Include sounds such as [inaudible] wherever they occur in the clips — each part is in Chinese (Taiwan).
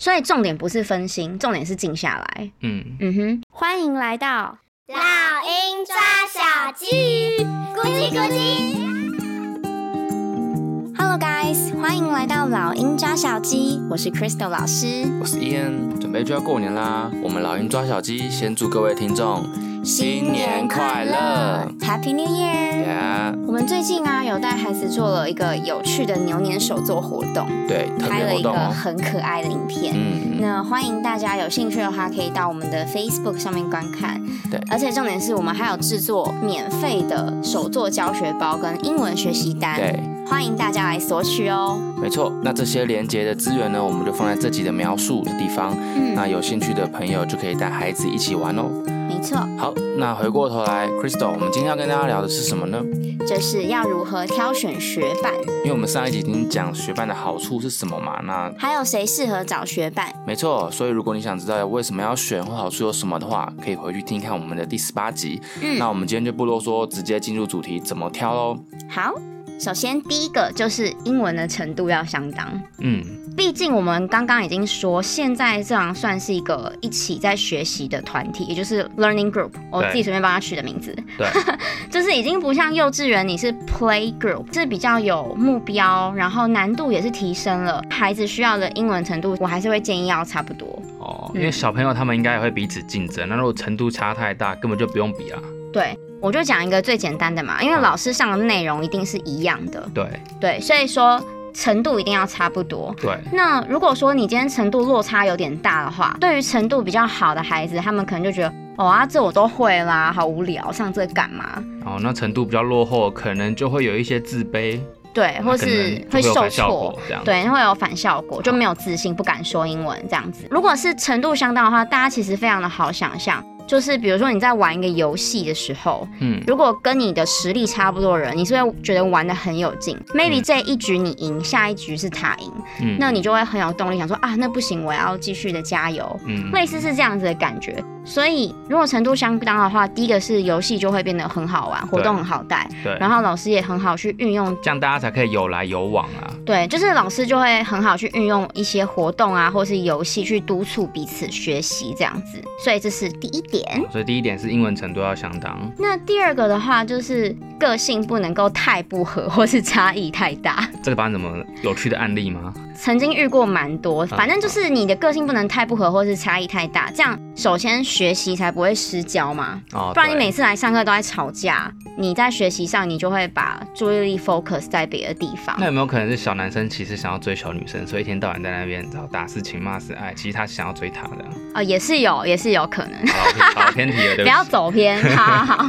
所以重點不是分心，重點是靜下來。嗯嗯哼，歡迎來到老英抓小雞，咕嘰咕嘰。Hello guys，歡迎來到老英抓小雞，我是 Crystal 老師，我是 Ian，準備就要過年啦。我們老英抓小雞，先祝各位聽眾。新年快樂，Happy New Year！Yeah 我們最近啊，有帶孩子做了一個有趣的牛年手作活動，對，拍了一個很可愛的影片。嗯，那歡迎大家有興趣的話，可以到我們的 Facebook 上面觀看。對，而且重點是我們還有製作免費的手作教學包跟英文學習單。對，歡迎大家來索取哦。沒錯，那這些連結的資源呢，我們就放在這集的描述的地方。嗯，那有興趣的朋友就可以帶孩子一起玩哦。錯，錯好，那回過頭來，Crystal，我們今天要跟大家聊的是什麼呢？就是要如何挑選學伴。因為我們上一集已經講學伴的好處是什麼嘛，那還有誰適合找學伴？沒錯，所以如果你想知道為什麼要選或好處有什麼的話，可以回去聽一看我們的第十八集。嗯，那我們今天就不多說，直接進入主題，怎麼挑嘍？好。首先，第一個就是英文的程度要相當。嗯，畢竟我們剛剛已經說，現在這樣算是一個一起在學習的團體，也就是 learning group，對我自己隨便幫他取的名字。對， [laughs] 就是已經不像幼稚園，你是 play group，是比較有目標，然後難度也是提升了。孩子需要的英文程度，我還是會建議要差不多。哦，嗯、因為小朋友他們應該也會彼此競爭，那如果程度差太大，根本就不用比啦、啊。對。我就講一個最簡單的嘛，因為老師上的內容一定是一樣的，對對，所以說程度一定要差不多。對，那如果說你今天程度落差有點大的話，對於程度比較好的孩子，他們可能就覺得，哦啊，這我都會啦，好無聊，上這幹嘛？哦，那程度比較落後，可能就會有一些自卑，對，或是會受挫，啊、對，會有反效果，就沒有自信，哦、不敢說英文這樣子。如果是程度相當的話，大家其實非常的好想象。就是比如說你在玩一個遊戲的時候，嗯，如果跟你的實力差不多的人，你是不是覺得玩的很有勁？Maybe，嗯，這一局你贏，下一局是他贏，嗯，那你就會很有動力想說啊，那不行，我要繼續的加油，嗯，類似是這樣子的感覺。所以，如果程度相當的話，第一個是遊戲就會變得很好玩，對活動很好帶，對。然後老師也很好去運用，這樣大家才可以有來有往啊。對，就是老師就會很好去運用一些活動啊，或是遊戲去督促彼此學習這樣子。所以這是第一點。所以第一點是英文程度要相當。那第二個的話就是個性不能夠太不合，或是差異太大。這個班有什麼有趣的案例嗎？ [laughs] 曾經遇過蠻多，反正就是你的個性不能太不合，或是差異太大。哦、這樣首先學習才不會失焦嘛，哦、不然你每次來上課都在吵架，對你在學習上你就會把注意力 focus 在別的地方。那有沒有可能是小男生其實想要追求女生，所以一天到晚在那邊找大事打是情罵是愛，其實他想要追她的？哦，也是有，也是有可能。走偏題了，不要走偏。好，好。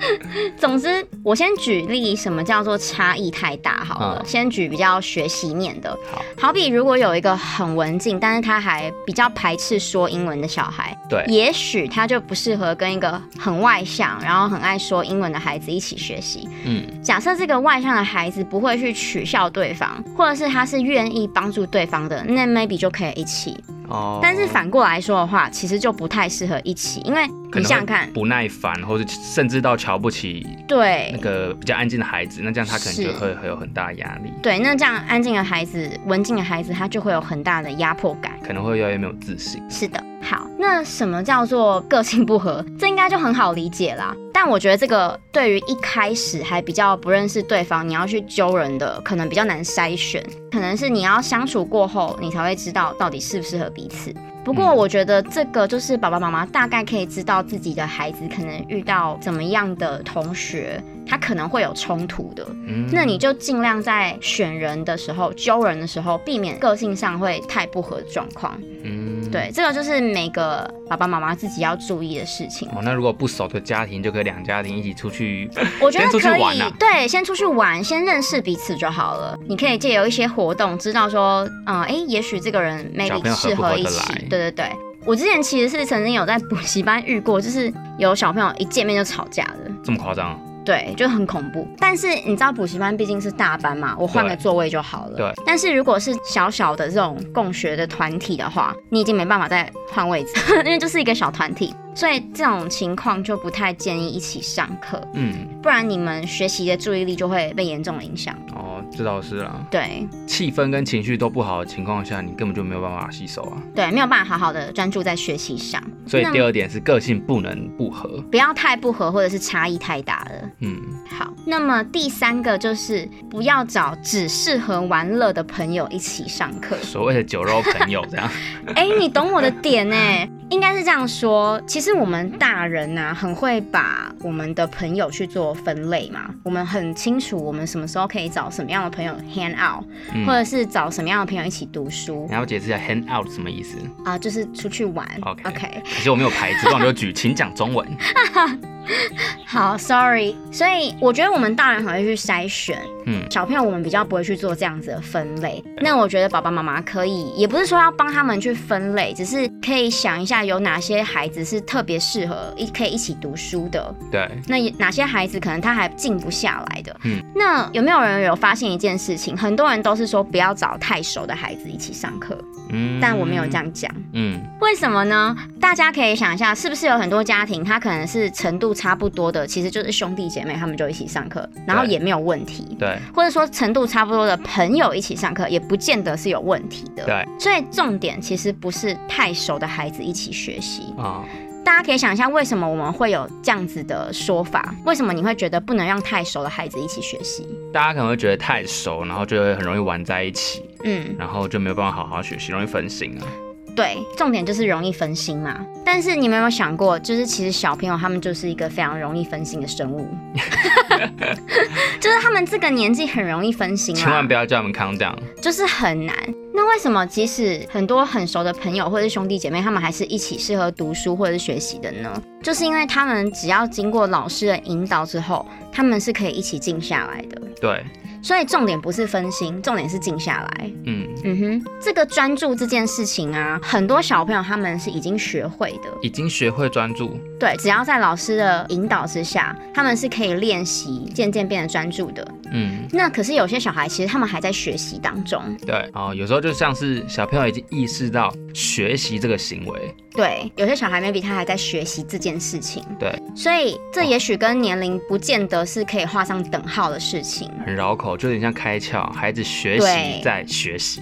[laughs] 總之，我先舉例什麼叫做差異太大好了，哦、先舉比較學習面的。好。好比如果有一個很文靜，但是他還比較排斥說英文的小孩，對，也許他就不適合跟一個很外向，然後很愛說英文的孩子一起學習。嗯，假設這個外向的孩子不會去取笑對方，或者是他是願意幫助對方的，那 maybe 就可以一起。哦，但是反過來說的話，哦、其實就不太適合一起，因為你想想看，不耐煩，或者甚至到瞧不起，對那個比較安靜的孩子，對那這樣他可能就會會有很大壓力。對，那這樣安靜的孩子、文靜的孩子，他就會有很大的壓迫感。可能會越來越沒有自信。是的，好，那什麼叫做個性不合？這應該就很好理解啦。但我覺得這個對於一開始還比較不認識對方，你要去揪人的，可能比較難篩選。可能是你要相處過後，你才會知道到底適不適合彼此。不過我覺得這個就是爸爸媽媽大概可以知道自己的孩子可能遇到怎麼樣的同學，他可能會有衝突的。嗯、那你就盡量在選人的時候、揪人的時候，避免個性上會太不合的狀況。嗯，對，這個就是每個爸爸媽媽自己要注意的事情。哦，那如果不熟的家庭，就可以兩家庭一起出去，我覺得可以，啊、對，先出去玩，先認識彼此就好了。你可以借由一些活動，知道說，嗯、呃，哎，也許這個人 maybe 適合一起。對對對對，我之前其實是曾經有在補習班遇過，就是有小朋友一見面就吵架的，這麼誇張啊？對，就很恐怖。但是你知道補習班畢竟是大班嘛，我換個座位就好了。對。對。但是如果是小小的這種共學的團體的話，你已經沒辦法再換位置， [laughs] 因為就是一個小團體。所以這種情況就不太建議一起上課，嗯，不然你們學習的注意力就會被嚴重的影響。哦，這倒是啦，對，氣氛跟情緒都不好的情況下，你根本就沒有辦法吸收啊。對，沒有辦法好好的專注在學習上。所以第二點是個性不能不合，不要太不合，或者是差異太大了。嗯，好，那麼第三個就是不要找只適合玩樂的朋友一起上課，所謂的酒肉朋友這樣。哎、 [laughs] 欸，你懂我的點哎、欸。 [laughs] 應該是這樣說，其實我們大人吶、啊，很會把我們的朋友去做分類嘛。我們很清楚，我們什麼時候可以找什麼樣的朋友 hang out，、嗯、或者是找什麼樣的朋友一起讀書。然後解釋一下 hang out 什麼意思啊？就是出去玩。OK。OK。可是我沒有牌子，我就舉， [laughs] 請講中文。 [laughs] [laughs] 好，sorry，所以我覺得我們大人很會去篩選，嗯，小朋友我們比較不會去做這樣子的分類。對那我覺得爸爸媽媽可以，也不是說要幫他們去分類，只是可以想一下有哪些孩子是特別適合一可以一起讀書的，對。那哪些孩子可能他還靜不下來的？嗯。那有沒有人有發現一件事情？很多人都是說不要找太熟的孩子一起上課，嗯。但我沒有這樣講，嗯。為什麼呢？大家可以想一下，是不是有很多家庭他可能是程度。差不多的，其實就是兄弟姐妹，他們就一起上課，然後也沒有問題。對，對。或者說程度差不多的朋友一起上課，也不見得是有問題的。對，所以重點其實不是太熟的孩子一起學習。哦。大家可以想一下，為什麼我們會有這樣子的說法？為什麼你會覺得不能讓太熟的孩子一起學習？大家可能會覺得太熟，然後就會很容易玩在一起，嗯，然後就沒有辦法好好學習，容易分心啊。對，重點就是容易分心嘛。但是你們有沒有想過，就是其實小朋友他們就是一個非常容易分心的生物， [laughs] [laughs] 就是他們這個年紀很容易分心啊。千萬不要叫他們康，這樣，就是很難。那為什麼即使很多很熟的朋友或者是兄弟姐妹，他們還是一起適合讀書或者是學習的呢？就是因為他們只要經過老師的引導之後，他們是可以一起靜下來的。對。所以重點不是分心，重點是靜下來。嗯嗯哼，這個專注這件事情啊，很多小朋友他們是已經學會的，已經學會專注。對，只要在老師的引導之下，他們是可以練習，漸漸變得專注的。嗯，那可是有些小孩其實他們還在學習當中。對哦，有時候就像是小朋友已經意識到學習這個行為。對，有些小孩 maybe 他還在學習這件事情。對，所以這也許跟年齡不見得是可以畫上等號的事情。哦、很繞口，就有點像開竅，孩子學習在學習。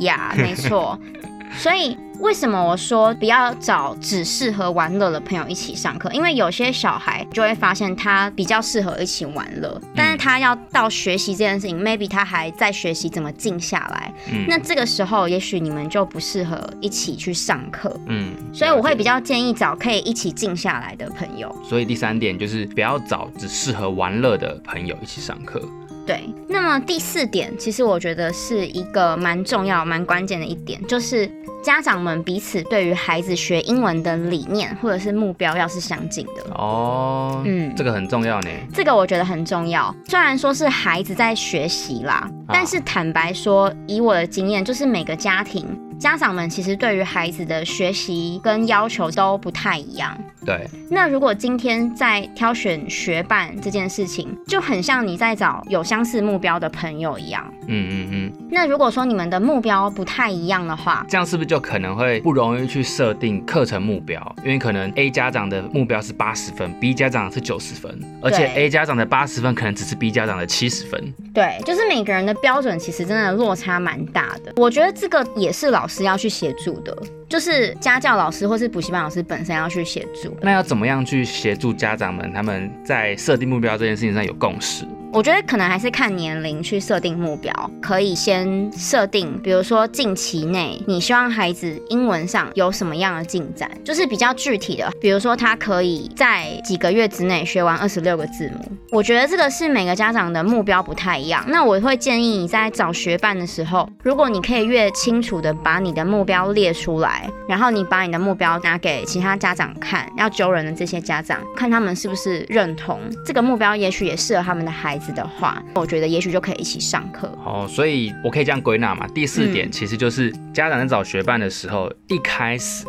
呀，yeah, 沒錯， [laughs] 所以。為什麼我說不要找只適合玩樂的朋友一起上課？因為有些小孩就會發現他比較適合一起玩樂，但是他要到學習這件事情，嗯，maybe 他還在學習怎麼靜下來。嗯，那這個時候，也許你們就不適合一起去上課。嗯，所以我會比較建議找可以一起靜下來的朋友。所以第三點就是不要找只適合玩樂的朋友一起上課。對，那麼第四點，其實我覺得是一個蠻重要、蠻關鍵的一點，就是家長們彼此對於孩子學英文的理念或者是目標要是相近的哦。嗯，這個很重要呢。這個我覺得很重要。雖然說是孩子在學習啦，好但是坦白說，以我的經驗，就是每個家庭家長們其實對於孩子的學習跟要求都不太一樣。對，那如果今天在挑選學伴這件事情，就很像你在找有相似目標的朋友一樣。嗯嗯嗯。那如果說你們的目標不太一樣的話，這樣是不是就可能會不容易去設定課程目標？因為可能 A 家長的目標是八十分，B 家長是九十分，而且 A 家長的八十分可能只是 B 家長的七十分。對，就是每個人的標準其實真的落差蠻大的。我覺得這個也是老師要去協助的，就是家教老師或是補習班老師本身要去協助。那要怎麼樣去協助家長們，他們在設定目標這件事情上有共識？我覺得可能還是看年齡去設定目標，可以先設定，比如說近期內你希望孩子英文上有什麼樣的進展，就是比較具體的，比如說他可以在幾個月之內學完二十六個字母。我覺得這個是每個家長的目標不太一樣。那我會建議你在找學伴的時候，如果你可以越清楚的把你的目標列出來，然後你把你的目標拿給其他家長看，要揪人的這些家長，看他們是不是認同這個目標，也許也適合他們的孩子。子的話，我覺得也許就可以一起上課。哦，所以我可以這樣歸納嘛。第四點其實就是家長在找學伴的時候，嗯、一開始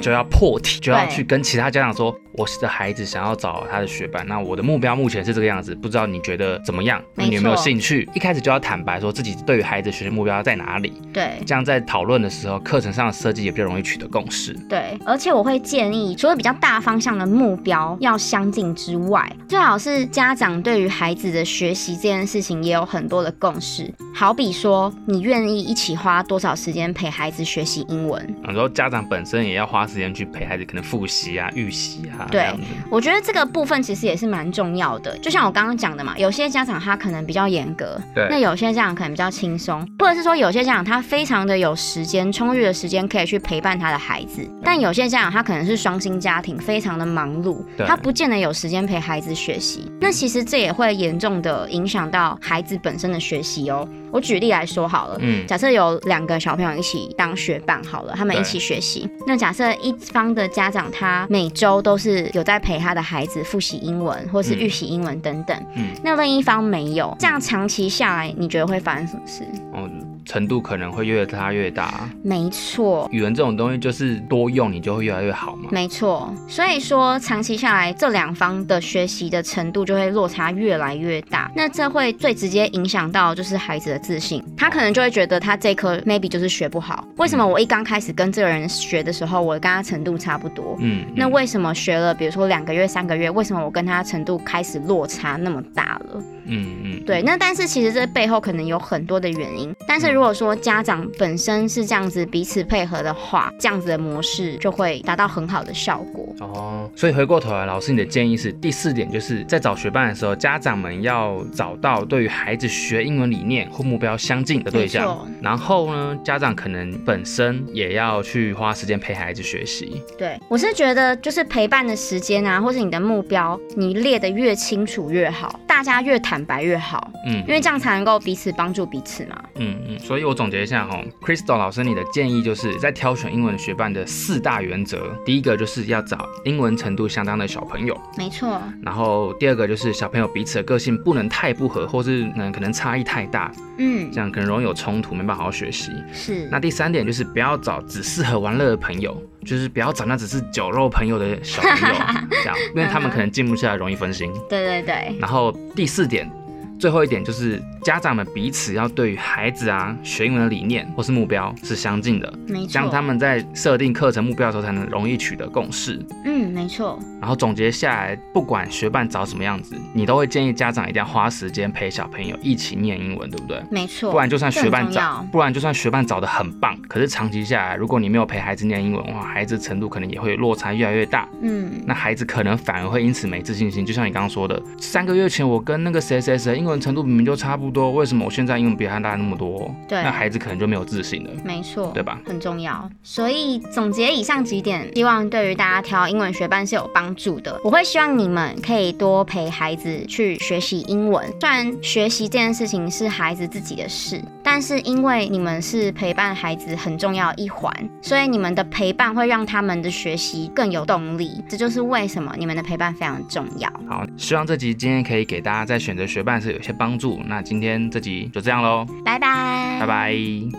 就要破題，嗯、就要去跟其他家長說。我的孩子想要找他的學伴，那我的目標目前是這個樣子，不知道你覺得怎麼樣？沒錯，你有沒有興趣？一開始就要坦白說自己對於孩子學習目標在哪裡。對，這樣在討論的時候，課程上的設計也比較容易取得共識。對，而且我會建議，除了比較大方向的目標要相近之外，最好是家長對於孩子的學習這件事情也有很多的共識。好比說，你願意一起花多少時間陪孩子學習英文？然後家長本身也要花時間去陪孩子，可能複習啊、預習啊。對，我覺得這個部分其實也是蠻重要的。就像我剛剛講的嘛，有些家長他可能比較嚴格，對那有些家長可能比較輕鬆，或者是說有些家長他非常的有時間，充裕的時間可以去陪伴他的孩子，但有些家長他可能是雙薪家庭，非常的忙碌，對他不見得有時間陪孩子學習。嗯、那其實這也會嚴重的影響到孩子本身的學習哦。我舉例來說好了，嗯，假設有兩個小朋友一起當學伴好了，他們一起學習。對那假設一方的家長他每周都是有在陪他的孩子複習英文，或是預習英文等等。嗯，那另一方沒有，這樣長期下來，你覺得會發生什麼事？嗯程度可能會越差越大，沒錯。語文這種東西就是多用，你就會越來越好嘛，沒錯。所以說，長期下來，這兩方的學習的程度就會落差越來越大。那這會最直接影響到就是孩子的自信，他可能就會覺得他這一科 maybe 就是學不好。為什麼我一剛開始跟這個人學的時候，我跟他程度差不多，嗯，那為什麼學了比如說兩個月、三個月，為什麼我跟他程度開始落差那麼大了？嗯嗯，對，那但是其實這背後可能有很多的原因，但是如果說家長本身是這樣子彼此配合的話，這樣子的模式就會達到很好的效果哦。所以回過頭來，啊，老師你的建議是第四點，就是在找學伴的時候，家長們要找到對於孩子學英文理念或目標相近的對象，沒錯。然後呢，家長可能本身也要去花時間陪孩子學習。對，我是覺得就是陪伴的時間啊，或是你的目標，你列得越清楚越好，大家越談。白越好，嗯，因為這樣才能夠彼此幫助彼此嘛，嗯嗯，所以我總結一下哈，Crystal 老師你的建議就是在挑選英文學伴的四大原則，第一個就是要找英文程度相當的小朋友，沒錯。然後第二個就是小朋友彼此的個性不能太不合，或是嗯可能差異太大，嗯，這樣可能容易有衝突，沒辦法好好學習，是，那第三點就是不要找只適合玩樂的朋友。就是不要找那只是酒肉朋友的小朋友，啊， [laughs] 這樣，因為他們可能靜不下來，容易分心。 [laughs] 對對對。然後第四點。最後一點就是家長們彼此要對於孩子啊學英文的理念或是目標是相近的，沒錯錯。這樣他們在設定課程目標的時候才能容易取得共識。嗯，沒錯。然後總結下來，不管學伴找什麼樣子，你都會建議家長一定要花時間陪小朋友一起念英文，對不對？沒錯錯。不然就算學伴找，不然就算學伴找的很棒，可是長期下來，如果你沒有陪孩子念英文的話，孩子程度可能也會落差越來越大。嗯，那孩子可能反而會因此沒自信心。就像你剛剛說的，三個月前我跟那個誰誰誰因程度明明就差不多，為什麼我現在英文比他大那麼多？對，那孩子可能就沒有自信了。沒錯，對吧？很重要。所以總結以上幾點，希望對於大家挑英文學伴是有幫助的。我會希望你們可以多陪孩子去學習英文，雖然學習這件事情是孩子自己的事。但是因為你們是陪伴孩子很重要一環，所以你們的陪伴會讓他們的學習更有動力。這就是為什麼你們的陪伴非常重要。好，希望這集今天可以給大家在選擇學伴時有一些幫助。那今天這集就這樣嘍，拜拜拜拜。Bye bye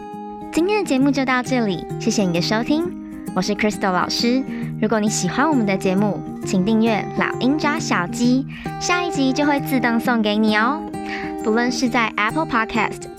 今天的節目就到這裡，謝謝你的收聽，我是 Crystal 老師。如果你喜歡我們的節目，請訂閱《老英抓小雞》，下一集就會自動送給你哦、喔。不論是在 Apple Podcast。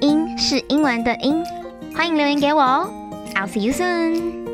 英是英文的英，歡迎留言給我哦。I'll see you soon.